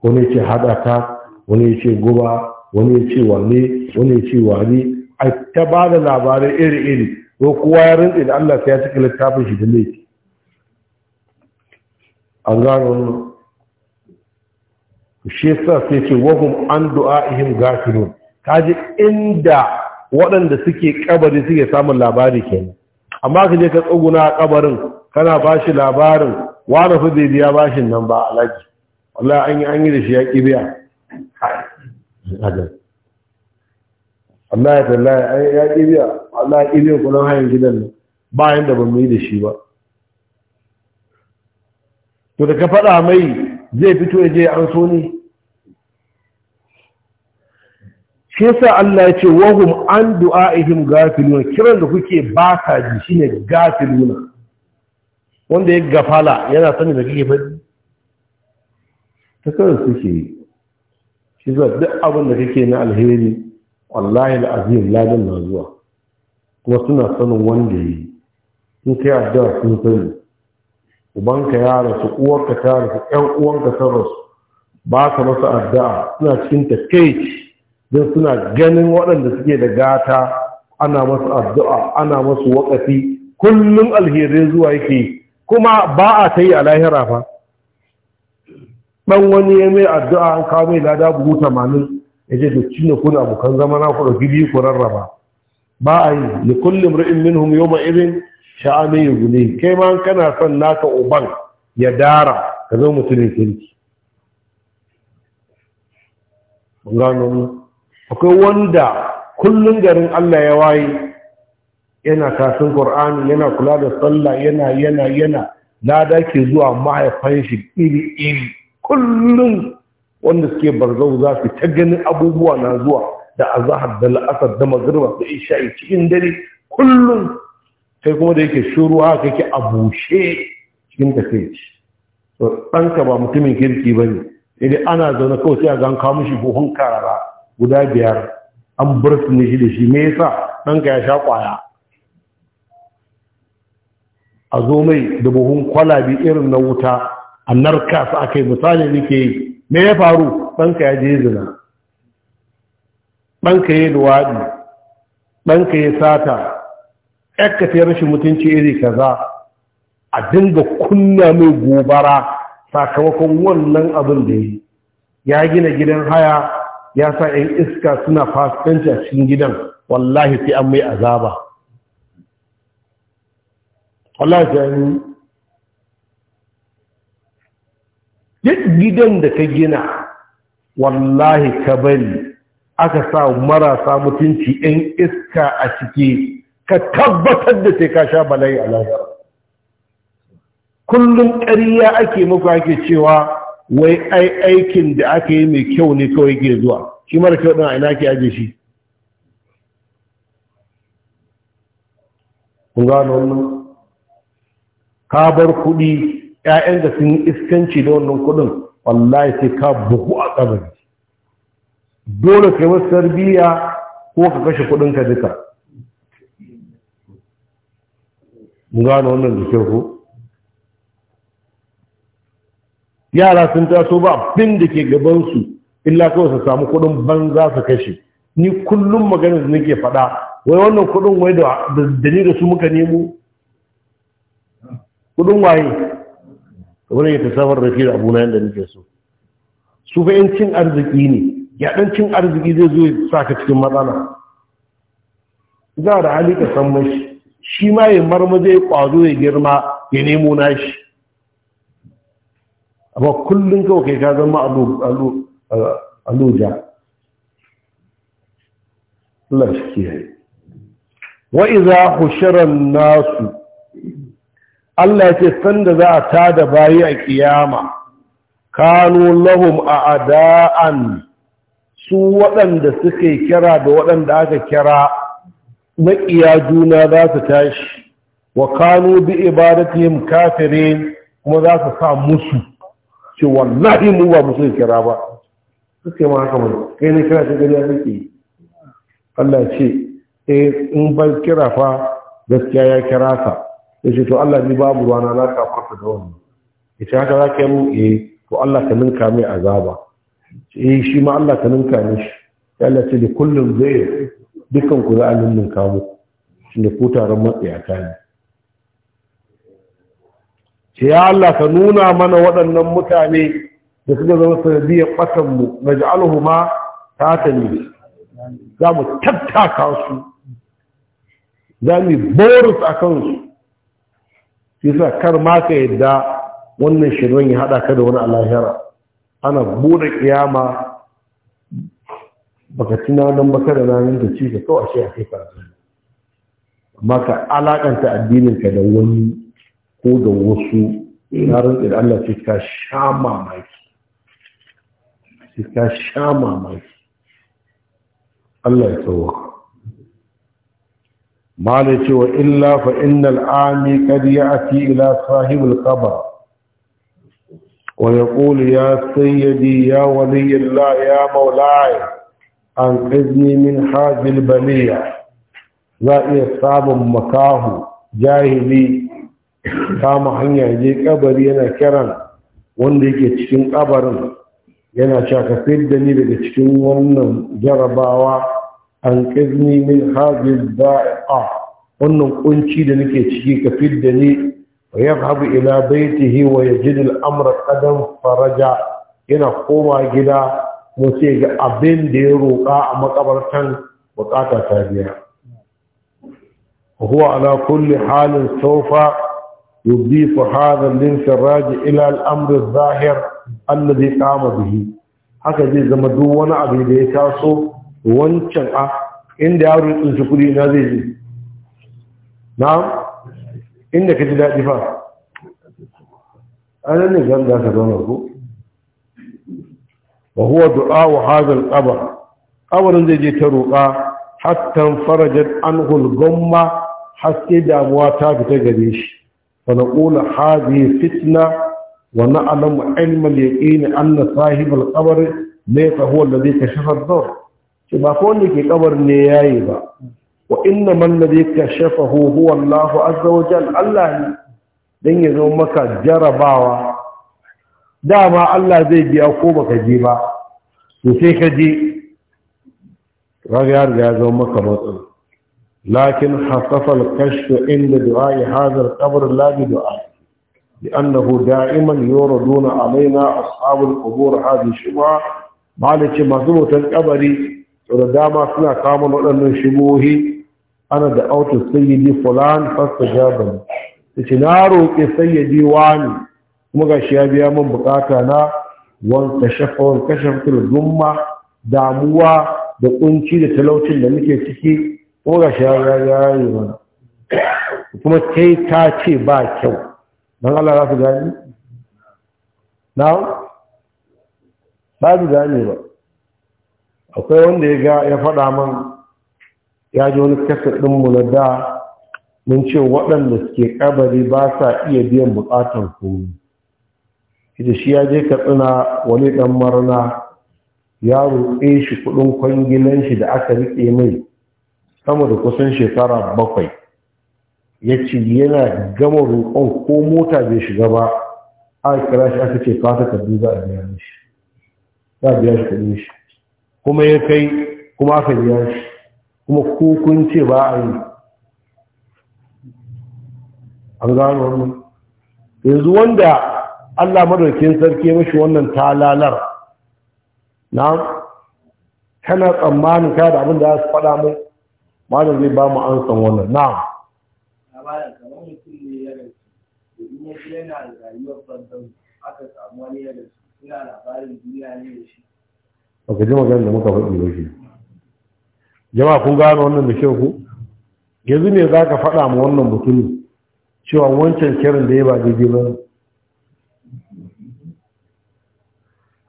ko ne ce hada ta wani ya ce guba wani ya ce wane wani ya ce wane a ta ba da labarai iri-iri ko kowa ya rintse da Allah sai ya cika littafin shi da laifi an gano wani shi sa sai ce wahum an dua du'a'ihim ta kaji inda waɗanda suke kabari suke samun labari kenan amma ka je ka tsuguna a kabarin kana ba shi labarin wani fi zai biya bashin nan ba alaji wallahi an yi an yi da shi ya ƙi biya Allah ya tallaye ya ƙiriya Allah ya ƙiriya kunan hayan gidan nan bayan da ba yi da shi ba to da ka faɗa mai zai fito ya je an so ne shi yasa Allah ya ce wahum an du'a'ihim gafiluna kiran da kuke ba ka ji ne gafiluna wanda ya gafala yana sani da kake faɗi ta kawai suke shi duk abin da kake na alheri wallahi al'azim ladin na zuwa kuma suna sanin wanda yi in kai addu'a sun sani ubanka ya rasu uwarka ta rasu ƴan uwanka sun rasu ba ka masa addu'a suna cikin takeici don suna ganin waɗanda suke da gata ana masu addu'a ana masu waƙafi kullum alherai zuwa yake kuma ba a ta yi a lahira fa dan wani ya mai addu'a an kawo mai lada buhu tamanin ya ce to ne kuna abokan zama na kuɗa gibi ku rarraba ba a yi ni kullum yau ma irin idin sha'ani gune kai ma kana son naka uban ya dara ka zo mutumin kirki gano akwai wanda kullum garin Allah ya waye yana kasin Qur'ani yana kula da sallah yana yana yana lada ke zuwa mahaifan shi iri iri kullum wanda suke barzau za su ta ganin abubuwa na zuwa da a azahar da la'asar da magriba da sha'i cikin dare kullum kai kuma da yake shuru haka yake a bushe cikin takaici to ɗanka ba mutumin kirki ba ne Idan ana zaune kawai sai a ga an kawo mishi buhun karara guda biyar an bar su ne shi da shi me yasa ɗanka ya sha ƙwaya a zo mai da buhun kwalabi irin na wuta annar kasa aka yi misali nike yi me ya faru ɗanka ya je zina ɗanka ya yi duwaɗi ɗanka ya sata ƴakka ta yi rashin mutunci iri kaza a dinga kunna mai gobara sakamakon wannan abin da yi ya gina gidan haya ya sa ‘yan iska suna fasikanci a cikin gidan wallahi sai an mai azaba wallahi sai an duk gidan da ka gina wallahi ka bari aka sa marasa mutunci ɗin iska a ciki ka tabbatar da sai ka sha bala'i a lahira kullum ƙariya ake muku ake cewa wai ai aikin da aka yi mai kyau ne kawai ke zuwa shi mara kyau ɗin a ina ke aje shi kun wannan ka bar kuɗi ƴaƴan da sun yi iskanci da wannan kuɗin wallahi sai ka buhu a kabari dole kai wasu tarbiyya ko ka kashe kuɗin ka duka mun gano wannan da kyau ko yara sun taso ba abin da ke gabansu illa kawai su samu kuɗin banza su kashe ni kullum maganin da nake faɗa wai wannan kuɗin wai da ni da su muka nemo kuɗin waye kamar ya tasafar da abu na yadda nake so su fa yin cin arziki ne ya dan cin arziki zai zo sa ka cikin matsala za da hali ka san shi ma ya marma zai kwazo ya girma ya nemo nashi amma kullum kawai kai ka zama aluja Allah shi kiyaye wa iza hushiran nasu Allah ce sanda za a ta da bayi a kiyama kanu lahum a ada'an su waɗanda suke kira da waɗanda aka kira maƙiya juna za su tashi wa kanu bi ibadatihim kafirin kuma za su sa musu ce wallahi mu ba musu kira ba suke ma haka mai kai ne kira shi gari ya suke Allah ce eh in ba kira fa gaskiya ya kira ka ya ce to Allah ni babu ruwa na kafarta da wannan ya ce haka za ka yi mun eh, to Allah ka ninka mai azaba eh shi ma Allah ka ninka shi. ya Allah ce da kullum zai dukkan ku za a ninka muku shi ne ku matsayata ne ce ya Allah ka nuna mana waɗannan mutane da suka zama sanadiyar ɓatanmu na ja'alhu ma ta ne za mu tattaka su za mu yi borus a kansu yasa kar ma ka yadda wannan shirin ya hada ka da wani alahira ana bude kiyama baka tuna nan baka da nan da ci ka kawai sai a kai ka amma ka alakanta addinin ka da wani ko da wasu na rantsi da Allah sai ka sha mamaki sai ka sha mamaki Allah ya tsawaka mala cewa wa illa fa innal ami kad ya'ti ila sahibul qabr wa yaqulu ya sayyidi ya waliyullah ya maulai an qizni min hadhihi baliya za iya samun makahu jahili kama hanya je kabari yana kiran wanda yake cikin kabarin yana cewa da ni daga cikin wannan jarabawa an ƙirni min hazin ba'a wannan kunci da nake ciki ka fidda ni wa habu ila baitihi wa ya ji al'amura ƙadan faraja yana koma gida mu sai ga abin da ya roƙa a makabartan bukata ta biya huwa ala kulli halin saufa يضيف هذا الانفراج الى الامر الظاهر الذي قام به haka zai zama duk wani abu da ya taso wancan a ah, inda yaro su kudi na zai ji na inda ka ji daɗi fa nan ne zan da ka zama ku wa huwa du'a wa hazal qabr qabrin zai je ta roƙa hatta farajat anhul gumma haske damuwa ta fita gare shi wa naqulu hadhihi fitna wa na'lamu ilma al-yaqin anna sahib al-qabr laysa huwa alladhi kashafa ad ce ba ko wanda ke kabar ne ya yi ba wa inna man zai ka shafa Allah azza wa Allah ne dan ya zo maka jarabawa dama Allah zai biya ko baka je ba to sai ka je ragar ya zo maka matsala lakin hasafa al inda du'a hadha al-qabr la bi du'a لأنه دائما يوردون علينا أصحاب القبور هذه الشبهة ce masu القبري da dama suna kamun waɗannan shigohi ana da autos sayyidi fulan fasta jaban da ce na roƙe sayyidi wani kuma ga shi ya biya min bukata na wanka shafawar kashafatul zumma damuwa da kunci da talaucin da muke ciki kuma ga shi ya yi mana kuma kai ta ce ba kyau don Allah za su gani? na? ba su gani ba akwai wanda ya ga ya faɗa man ya ji wani kasar ɗinmu na da mun ce waɗanda suke kabari ba sa iya biyan buƙatar komi ita shi ya je katsina wani ɗan marna ya roƙe shi kuɗin kwangilan shi da aka rike mai sama da kusan shekara bakwai ya ce yana gama roƙon ko mota bai shiga ba a kira shi aka ce fata ka za a biya shi kuma ya kai kuma aka biya shi kuma kun ce ba a yi an gano wannan yanzu wanda Allah madaukin sarki mashi wannan talalar na kana tsammanin kada da abin da za su faɗa mai malam zai ba mu an san wannan na yana rayuwar aka samu wani suna labarin duniya ne da shi baka ji magana da muka faɗi ba shi jama'a kun gano wannan da kyau ku yanzu ne za ka faɗa ma wannan mutumin cewa wancan kirin da ya ba daidai ba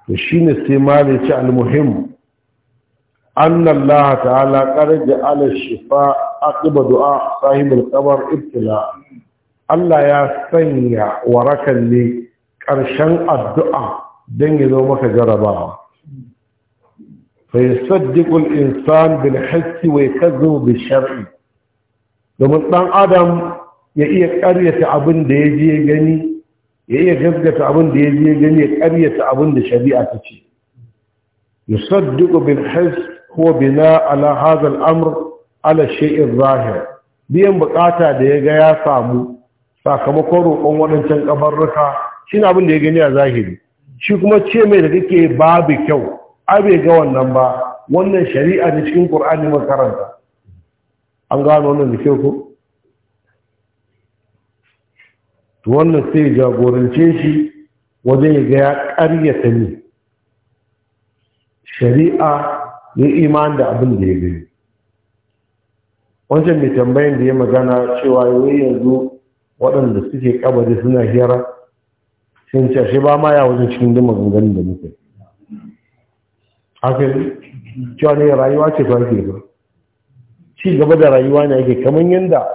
to shi ne sai ma da ya almuhim an Allah ta'ala ƙarfi ala shifa aqiba du'a sahibul ibtila Allah ya sanya warakan ne ƙarshen addu'a don ya zo maka jarabawa fa yusaddiqu al-insan bil domin dan adam ya iya karyata abin da ya je gani ya iya gaskata abin da ya je gani ya karyata abin da shari'a ta ce yusaddiqu bil haqqi huwa bina ala hadha al-amr ala biyan bukata da ya ga ya samu sakamakon roƙon waɗancan ƙabarruka shi abin da ya gani a zahiri shi kuma ce mai da kake babu kyau abe ga wannan ba wannan shari'a ne cikin ƙur'ani makaranta an gano wannan da ku to wannan sai jagorance shi wajen ya ga ya ƙaryata ne shari'a ne iman da abin da ya gani wancan mai tambayin da ya magana cewa yoyi yanzu waɗanda suke kabari suna hira sun ce shi ba ma ya wajen cikin dama ganganin da muke Akwai cewa ne rayuwa ce ba ke ba ci gaba da rayuwa ne ake kamar yadda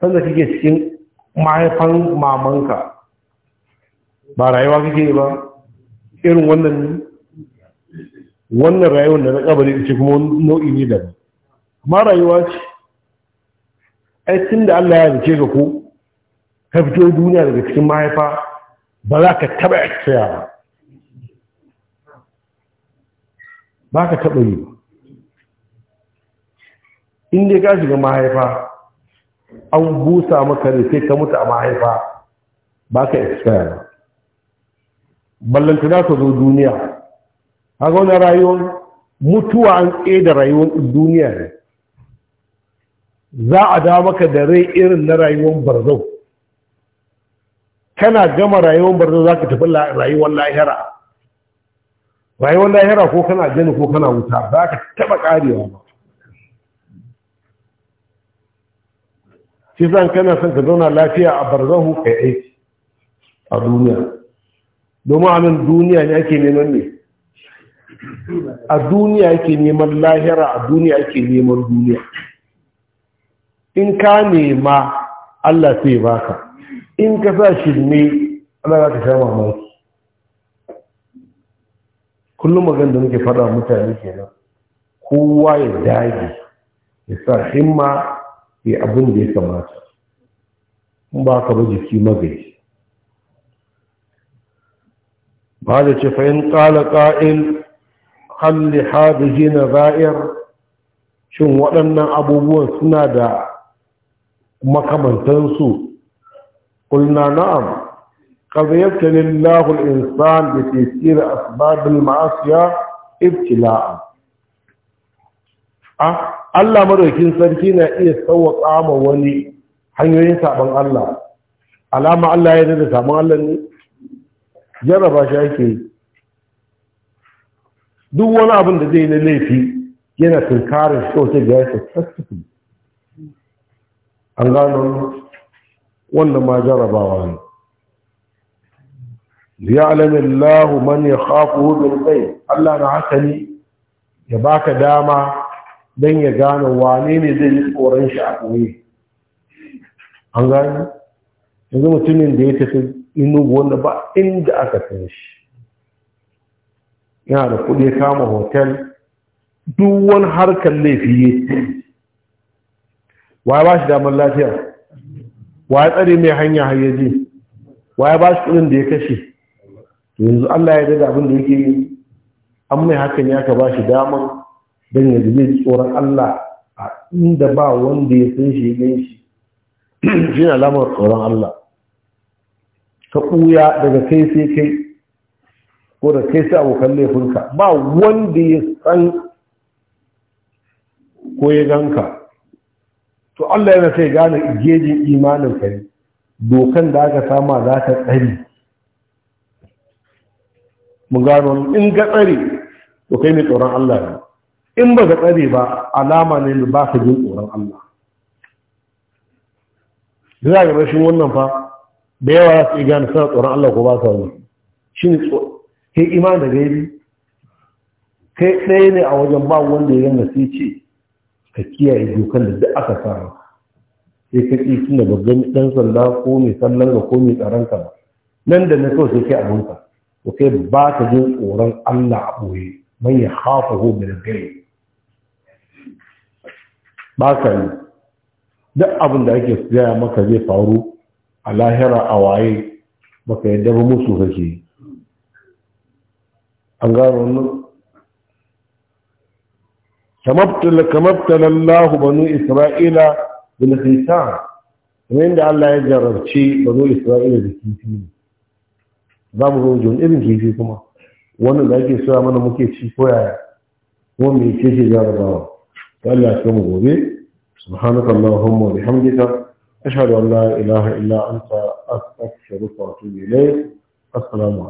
sanda kake cikin mahaifan mamanka ba rayuwa kake ba irin wannan wannan rayuwar da na kabari ce kuma nau'i ne da ma rayuwa ce ai tun da Allah ya rike ga ku, ka fito duniya daga cikin mahaifa ba za ka taba ya ba ba ka taɓa yi inda ka shiga mahaifa an busa maka ne sai ka mutu a mahaifa ba ka expire ballanta za ka zo duniya a ga wani rayuwar mutuwa an da rayuwar duniya ne za a dawo maka da rai irin na rayuwar barzau kana gama rayuwar barzau za ka tafi rayuwar lahira rayuwar lahira ko kana jini ko kana wuta za ka taɓa ƙarewa ba shi zan kana son ka zauna lafiya a barzahu kai aiki a duniya domin a nan duniya ne ake neman ne a duniya ake neman lahira a duniya ake neman duniya in ka nema Allah sai baka in ka sa shi ne Allah za ka sha mamaki kullum magan da nake faɗa mutane kenan kowa ya dage ya sa himma ya abin da ya kamata in ba ka ba jiki magaji ba da ce fahim ƙala ƙa'il halli haɗe na za'ir shin waɗannan abubuwan suna da makamantansu ƙulna na'am قد يبتلي الله الإنسان بتيسير أسباب المعاصية ابتلاء Allah madaukin sarki na iya sauwaƙa ma wani hanyoyin saɓon Allah alama Allah ya da saɓon Allah ne shi ake yi duk wani abin da zai na laifi yana tunkarar sosai ga yasa sassafin an gano wannan ma jarabawa. ne ليعلم الله من يخافه بالغيب الله نعسني ya baka dama don ya gane wane ne zai yi tsoron shi a ɓoye an gani yanzu mutumin da ya tafi inugu wanda ba inda aka san yana da kuɗi kama hotel duk harkar laifi ya wa ba shi damar lafiya wa ya tsare mai hanya hayyaji wa ya ba shi kuɗin da ya kashe yanzu Allah ya daga abin da yake yi an mai hakan ya ka ba shi damar don ya zai tsoron Allah a inda ba wanda ya san shi gan shi shi na alamar tsoron Allah ka ɓuya daga kai sai kai ko da kai sai abokan laifinka ba wanda ya san ko ya ganka to Allah yana sai gane gejin imanin kai ne dokan da aka sama za ta tsari mu gano in ga tsare to kai ne tsoron Allah ne in ba ga tsare ba alama ne da ba ka jin tsoron Allah da ga rashin wannan fa da yawa su gane suna tsoron Allah ko ba sa wani shi ne kai iman da gaibi kai ɗaya ne a wajen ba wanda ya gane sai ce ka kiyaye dokan da duk aka fara sai ka ƙi tun da babban ɗan sanda ko mai sallan ga ko mai tsaron ka nan da na so sai kai abinka to kai ba ka jin tsoron Allah a ɓoye man ya hafa ho min gari ba ka yi duk abin da ake gaya maka zai faru a lahira a waye baka yadda ba musu kake an gano wannan kamabtala Allah banu Isra'ila bil khisan kamar yadda Allah ya jarabci banu Isra'ila da kifi za mu zo jin irin kifi kuma wani da ake soya mana muke ci ko yaya kuma mai ce ce jarabawa ta Allah ya mu gobe subhanaka allahumma wa bihamdika ashhadu an la ilaha illa anta astaghfiruka wa atubu ilayk assalamu